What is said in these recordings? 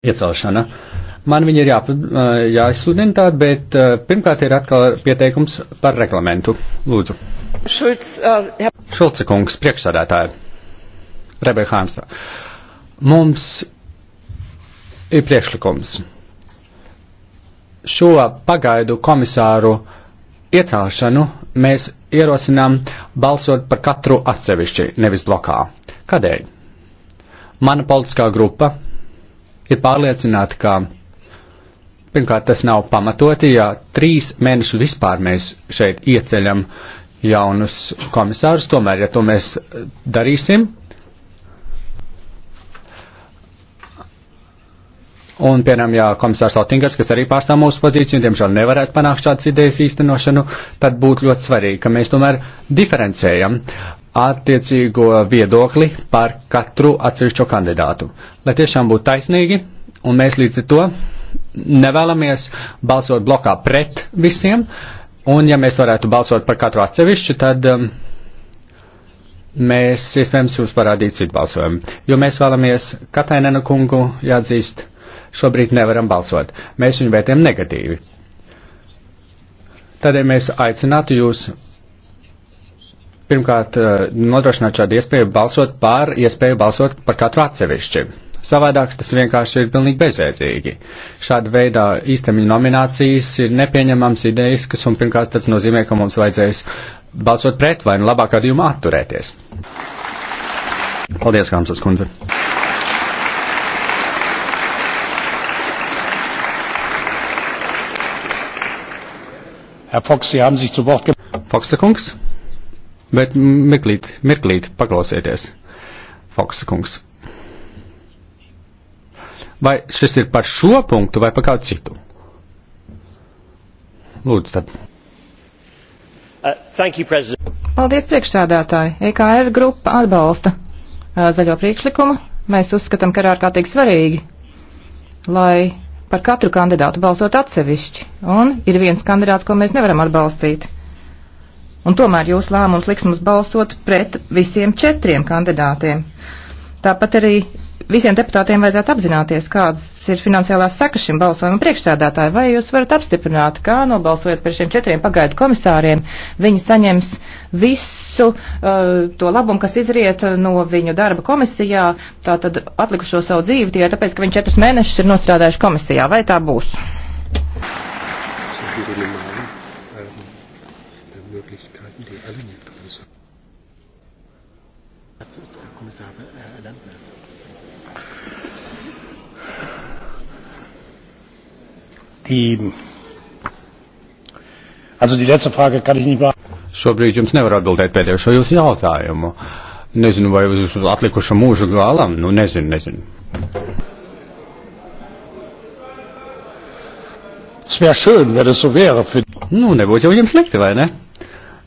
iecelšana. Man viņi ir jā, jāizsludina tāda, bet eh, pirmkārt ir atkal pieteikums par reglamentu. Lūdzu. Šulc, uh, eh, jā. Šulce kungs, priekšsādātāji. Rebeka Hāmsa. Mums ir priekšlikums. Šo pagaidu komisāru iecelšanu mēs ierosinām balsot par katru atsevišķi, nevis blokā. Kādēļ? Mana politiskā grupa ir pārliecināti, ka pirmkārt tas nav pamatoti, ja trīs mēnešus vispār mēs šeit ieceļam jaunus komisārus, tomēr, ja to mēs darīsim, Un, piemēram, ja komisārs Otingers, kas arī pārstāv mūsu pozīciju, un, diemžēl nevarētu panākt šādas idejas īstenošanu, tad būtu ļoti svarīgi, ka mēs tomēr diferencējam attiecīgo viedokli par katru atsevišķo kandidātu, lai tiešām būtu taisnīgi, un mēs līdz ar to nevēlamies balsot blokā pret visiem, un ja mēs varētu balsot par katru atsevišķu, tad um, mēs iespējams jums parādītu citu balsojumu, jo mēs vēlamies Katainena kungu jāatzīst, šobrīd nevaram balsot, mēs viņu vērtējam negatīvi. Tādēļ mēs aicinātu jūs pirmkārt eh, nodrošināt šādu iespēju balsot par iespēju balsot par katru atsevišķi. Savādāk tas vienkārši ir pilnīgi bezjēdzīgi. Šāda veida īstermiņa nominācijas ir nepieņemams ideiskas, un pirmkārt tas nozīmē, ka mums vajadzēs balsot pret vai nu labāk ar jums atturēties. Paldies, Kāmsas kundze! Herr Fox, Sie haben sich zu Wort gemeldet. Fox, der Kungs. Bet mirklīt, mirklīt paklausieties, Foksa kungs. Vai šis ir par šo punktu vai par kādu citu? Lūdzu, tad. Uh, thank you, President. Paldies, priekšsādātāji. EKR grupa atbalsta uh, zaļo priekšlikumu. Mēs uzskatām, ka ir ārkārtīgi svarīgi, lai par katru kandidātu balsot atsevišķi. Un ir viens kandidāts, ko mēs nevaram atbalstīt. Un tomēr jūs lēmums liks mums balsot pret visiem četriem kandidātiem. Tāpat arī visiem deputātiem vajadzētu apzināties, kādas ir finansiālās sekas šim balsojumam priekšsēdētāji. Vai jūs varat apstiprināt, kā nobalsojot par šiem četriem pagaidu komisāriem, viņi saņems visu uh, to labumu, kas izriet no viņu darba komisijā, tātad atlikušo savu dzīvi tikai tāpēc, ka viņi četrus mēnešus ir nostrādājuši komisijā. Vai tā būs? Thank you. Nee, alle nicht. Also. Herr Kommissar äh, Landner. Äh. Die, also die letzte Frage kann ich nicht beantworten. Šobrīd jums nevar atbildēt pēdējo jūsu jautājumu. Nezinu, vai uz atlikušo mūžu galam, nu nezinu, nezinu. Es wäre schön, wenn es so wäre. Für... Nu, nebūtu jau jums slikti, vai ne?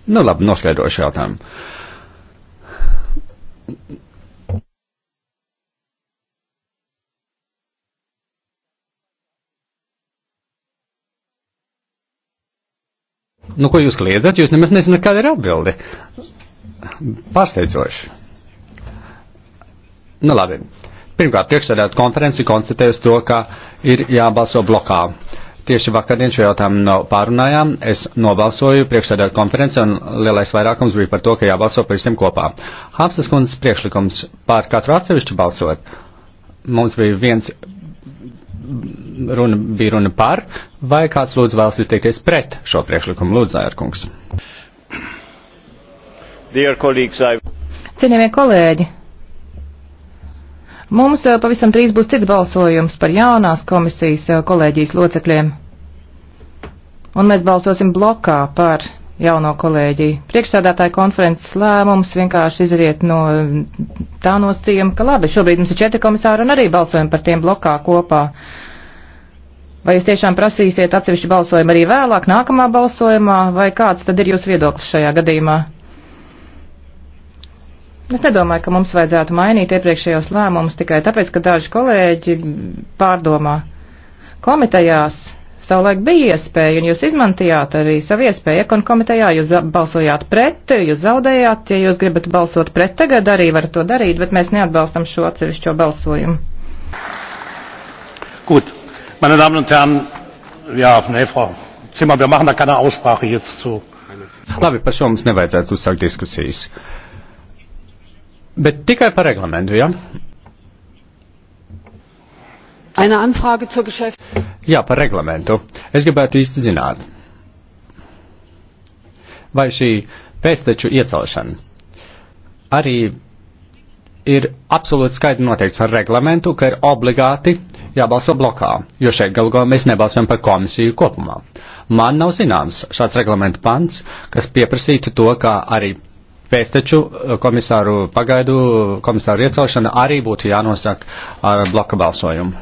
Nu, labi, noskaidrošu jautājumu. Nu, ko jūs kliedzat? Jūs nemaz nezināt, kāda ir atbilde. Pārsteidzoši. Nu, labi. Pirmkārt, priekšsēdētu konferenci konstatējusi to, ka ir jābalso blokā. Tieši vakardien šo jautājumu no pārunājām. Es nobalsoju priekšsēdētu konferenci un lielais vairākums bija par to, ka jābalso par visiem kopā. Hāpsas kundzes priekšlikums pār katru atsevišķu balsot. Mums bija viens runa, bija runa par, vai kāds lūdzu vēlas izteikties pret šo priekšlikumu. Lūdzu, Zājarkungs. Cienījamie kolēģi, Mums eh, pavisam drīz būs cits balsojums par jaunās komisijas eh, kolēģijas locekļiem. Un mēs balsosim blokā par jauno kolēģiju. Priekšsādātāja konferences lēmums vienkārši izriet no tā nosacījuma, ka labi, šobrīd mums ir četri komisāri un arī balsojam par tiem blokā kopā. Vai jūs tiešām prasīsiet atsevišķu balsojumu arī vēlāk, nākamā balsojumā, vai kāds tad ir jūsu viedoklis šajā gadījumā? Es nedomāju, ka mums vajadzētu mainīt iepriekšējos lēmumus tikai tāpēc, ka daži kolēģi pārdomā. Komitejās savulaik bija iespēja, un jūs izmantījāt arī savu iespēju. Ekon komitejā jūs balsojāt pret, jūs zaudējāt, ja jūs gribat balsot pret tagad, arī varat to darīt, bet mēs neatbalstam šo atsevišķo balsojumu. Gut, meine Damen und Herren, ja, ne, Frau Zimmer, wir machen da keine Aussprache jetzt zu. Labi, par šo mums nevajadzētu uzsākt diskusijas. Uh, Bet tikai par reglamentu, jā? Ja? Eine Anfrage zur Geschäft. Jā, par reglamentu. Es gribētu īsti zināt, vai šī pēcteču iecelšana arī ir absolūti skaidri noteikts ar reglamentu, ka ir obligāti jābalso blokā, jo šeit galu galā mēs nebalsojam par komisiju kopumā. Man nav zināms šāds reglamentu pants, kas pieprasītu to, ka arī Pēc taču eh, komisāru pagaidu, komisāru iecelšana arī būtu jānosaka ar bloka balsojumu.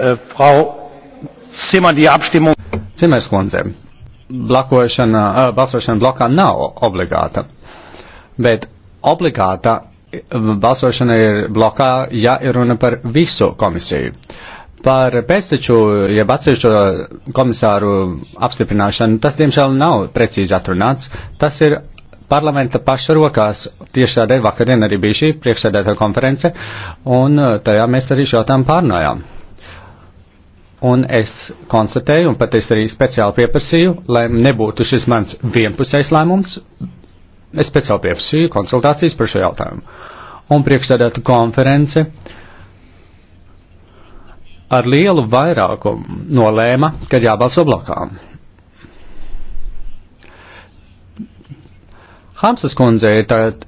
Äh, Frau Zimmer, die Abstimmung. Zimmers kundze, blokošana, äh, balsošana blokā nav obligāta, bet obligāta äh, balsošana ir blokā, ja ir runa par visu komisiju. Par pēcteču, jeb atsevišķo komisāru apstiprināšanu, tas diemžēl nav precīzi atrunāts. Tas ir parlamenta paša rokās. Tieši tādēļ vakardien arī bija šī priekšsēdētā konference, un uh, tajā mēs arī šo tām pārnājām. Un es konstatēju, un pat es arī speciāli pieprasīju, lai nebūtu šis mans vienpusējs lēmums, es speciāli pieprasīju konsultācijas par šo jautājumu. Un priekšsēdētā konference uh, ar lielu vairākumu nolēma, ka jābalso blakām. Hamsas kundze ir tagad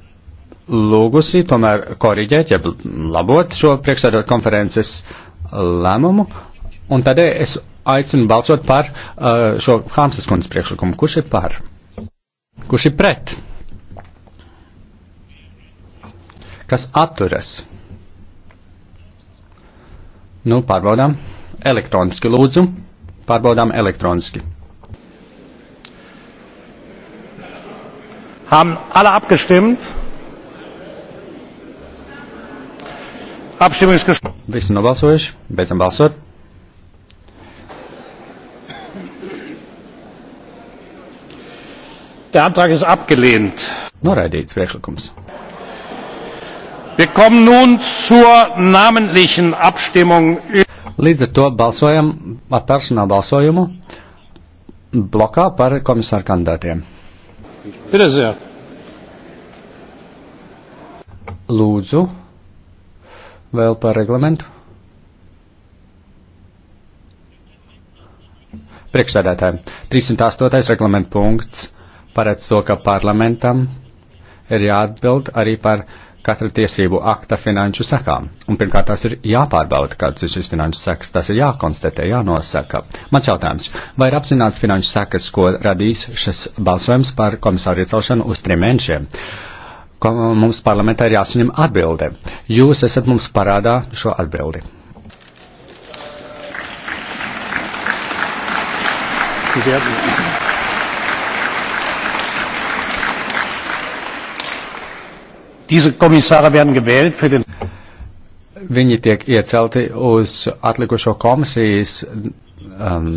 lūgusi tomēr koriģēt, ja labot šo priekšsēdot konferences lēmumu, un tādēļ es aicinu balsot par uh, šo Hamsas kundzes priekšlikumu. Kurš ir par? Kurš ir pret? Kas atturas? Nu, pārbaudām elektroniski lūdzu. Pārbaudām elektroniski. Haben alle abgestimmt? Abstimmung ist geschlossen. Visi nobalsojuši, beidzam balsot. Der Antrag ist abgelehnt. Noraidīts priekšlikums. Wir kommen nun zur namentlichen Abstimmung. Līdz ar to balsojam ar personālu balsojumu blokā par komisāru kandidātiem. Pirezijā. Lūdzu, vēl par reglamentu. Priekšsēdētājiem. 308. reglamenta punkts paredz to, ka parlamentam ir jāatbild arī par katra tiesību akta finanšu sekām. Un pirmkārt, tās ir jāpārbauda, kāds ir šis finanšu sekas, tas ir jākonstatē, jānosaka. Mans jautājums, vai ir apzināts finanšu sekas, ko radīs šis balsojums par komisāru iecelšanu uz trim mēnešiem? Ko mums parlamentā ir jāsaņem atbilde. Jūs esat mums parādā šo atbildi. Thank you. Diese Kommissare werden gewählt für den. Viņi tiek iecelti uz atlikušo komisijas um,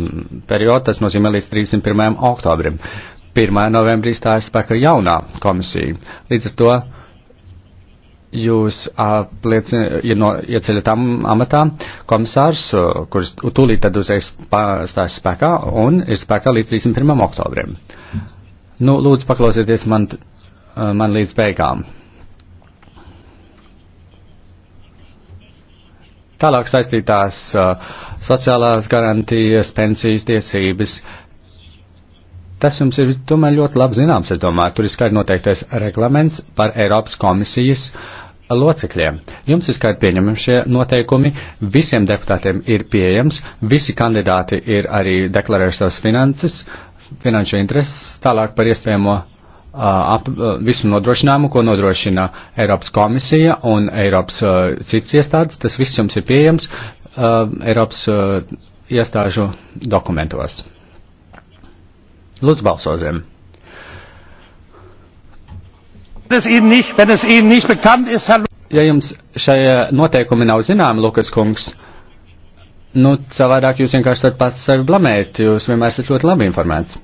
periodu, tas nozīmē līdz 31. oktobrim. 1. novembrī stājas spēkā jaunā komisija. Līdz ar to jūs apliecina, ja no, ieceļat am, amatā komisārs, kurš tūlīt tad uzreiz stājas spēkā un ir spēkā līdz 31. oktobrim. Nu, lūdzu, paklausieties man, man līdz beigām. Tālāk saistītās uh, sociālās garantijas, pensijas tiesības. Tas jums ir tomēr ļoti labi zināms, es domāju, tur ir skaidri noteiktais reglaments par Eiropas komisijas locekļiem. Jums ir skaidri pieņemami šie noteikumi, visiem deputātiem ir pieejams, visi kandidāti ir arī deklarējuši savas finanses, finanšu intereses, tālāk par iespējamo ap, visu nodrošinājumu, ko nodrošina Eiropas komisija un Eiropas uh, citas iestādes. Tas viss jums ir pieejams uh, Eiropas uh, iestāžu dokumentos. Lūdzu, balsoziem! Ja jums šie noteikumi nav zināmi, Lukas kungs, Nu, savādāk jūs vienkārši tad pats sevi blamēt, jūs vienmēr esat ļoti labi informēts.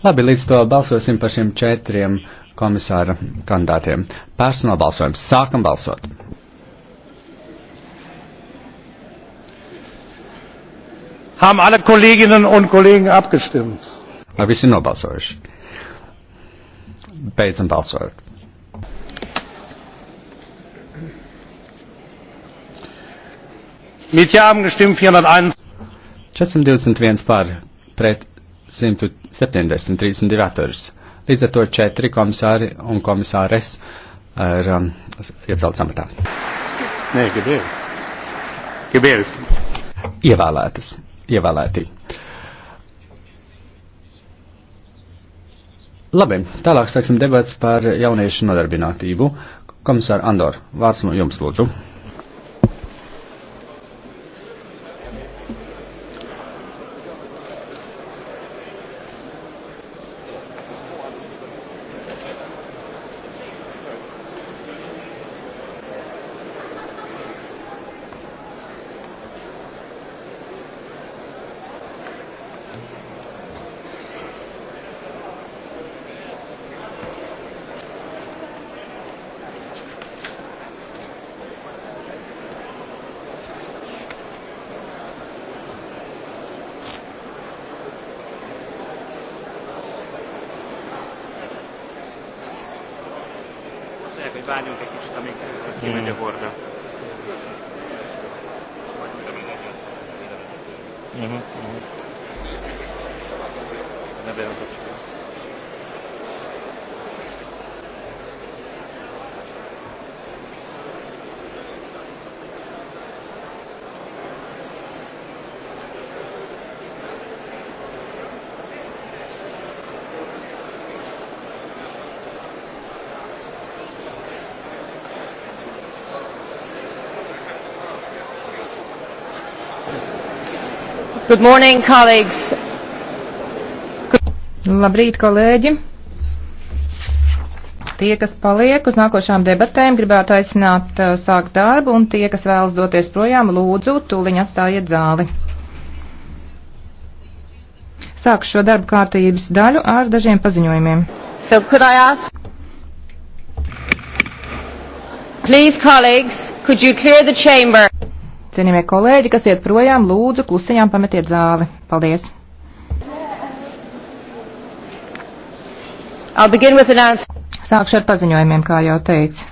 Labi, līdz to balsosim par šiem četriem komisāra kandidātiem. Personāla balsojums. Sākam balsot. Haben alle Kolleginnen und Kollegen abgestimmt? Visi nobalsojuši. Beidzam balsot. Mit Ja haben gestimmt 401. 421 par pret 170, 32 atturs. Līdz ar to četri komisāri un komisāres ir um, iecelts amatā. Nē, Gabriel. Gabriel. Ievēlētas. Ievēlētī. Labi, tālāk sāksim debats par jauniešu nodarbinātību. Komisāra Andor, vārds no jums lūdzu. económica y mm. de acuerdo. Mm-hmm, mm-hmm. Good morning, colleagues. Good... Labrīt, kolēģi. Tie, kas paliek uz nākošām debatēm, gribētu aicināt uh, sākt darbu, un tie, kas vēlas doties projām, lūdzu, tūliņ atstājiet zāli. Sāku šo darbu kārtības daļu ar dažiem paziņojumiem. So could I ask... Please, colleagues, could you clear the chamber? Cienījamie kolēģi, kas iet projām, lūdzu, klusiņām pametiet zāli. Paldies! Sākšu ar paziņojumiem, kā jau teicu.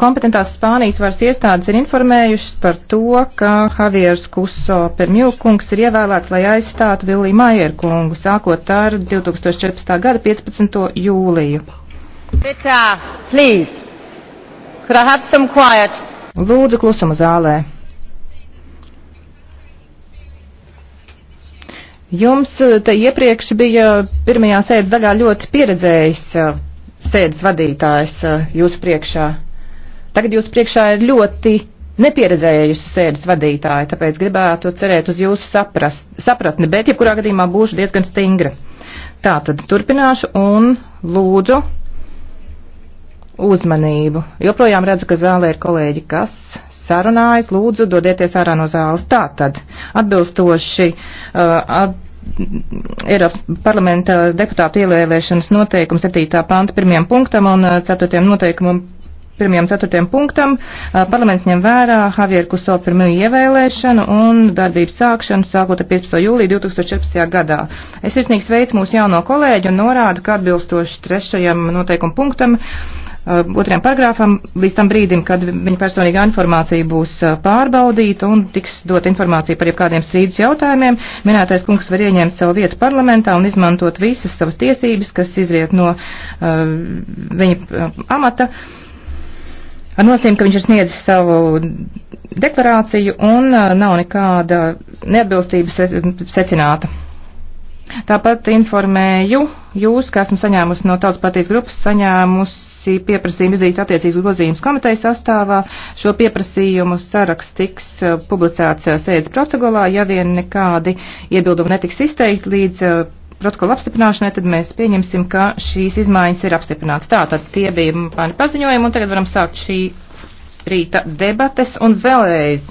Kompetentās Spānijas varas iestādes ir informējušas par to, ka Javieris Kuso Permjūkungs ir ievēlēts, lai aizstātu Viliju Maieru kungu, sākot ar 2014. gada 15. jūliju. Rita, please, could I have some quiet? Lūdzu, klusuma zālē. Jums eh, te iepriekš bija pirmajā sēdes daļā ļoti pieredzējis eh, sēdes vadītājs eh, jūsu priekšā. Tagad jūsu priekšā ir ļoti nepieredzējusi sēdes vadītāja, tāpēc gribētu cerēt uz jūsu saprast, sapratni, bet jebkurā gadījumā būšu diezgan stingra. Tā tad turpināšu un lūdzu uzmanību. Joprojām redzu, ka zālē ir kolēģi, kas sarunājas, lūdzu, dodieties ārā no zāles. Tātad, atbilstoši uh, at, Eiropas parlamenta deputātu ielēlēšanas noteikumu 7. panta 1. punktam un 4. Uh, noteikumam 1. 4. punktam uh, parlaments ņem vērā Javieru Kuso pirmo ievēlēšanu un darbības sākšanu sākot ar 15. jūliju 2014. gadā. Es sirsnīgi sveicu mūsu jauno kolēģi un norādu, ka atbilstoši 3. noteikumu punktam uh, Uh, otriem paragrāfam līdz tam brīdim, kad viņa personīgā informācija būs uh, pārbaudīta un tiks dot informācija par jebkādiem strīdus jautājumiem. Minētais kungs var ieņemt savu vietu parlamentā un izmantot visas savas tiesības, kas izriet no uh, viņa uh, amata. Ar nosīm, ka viņš ir sniedzis savu deklarāciju un uh, nav nekāda neatbilstības secināta. Tāpat informēju jūs, ka esmu saņēmusi no tautas partijas grupas saņēmusi saņēmusi pieprasījumu izdarīt attiecīgus grozījumus komitejas sastāvā. Šo pieprasījumu saraksts tiks uh, publicēts uh, sēdes protokolā, ja vien nekādi iebildumi netiks izteikti līdz uh, protokola apstiprināšanai, tad mēs pieņemsim, ka šīs izmaiņas ir apstiprināts. Tā, tad tie bija mani paziņojumi, un tagad varam sākt šī rīta debates un vēlreiz.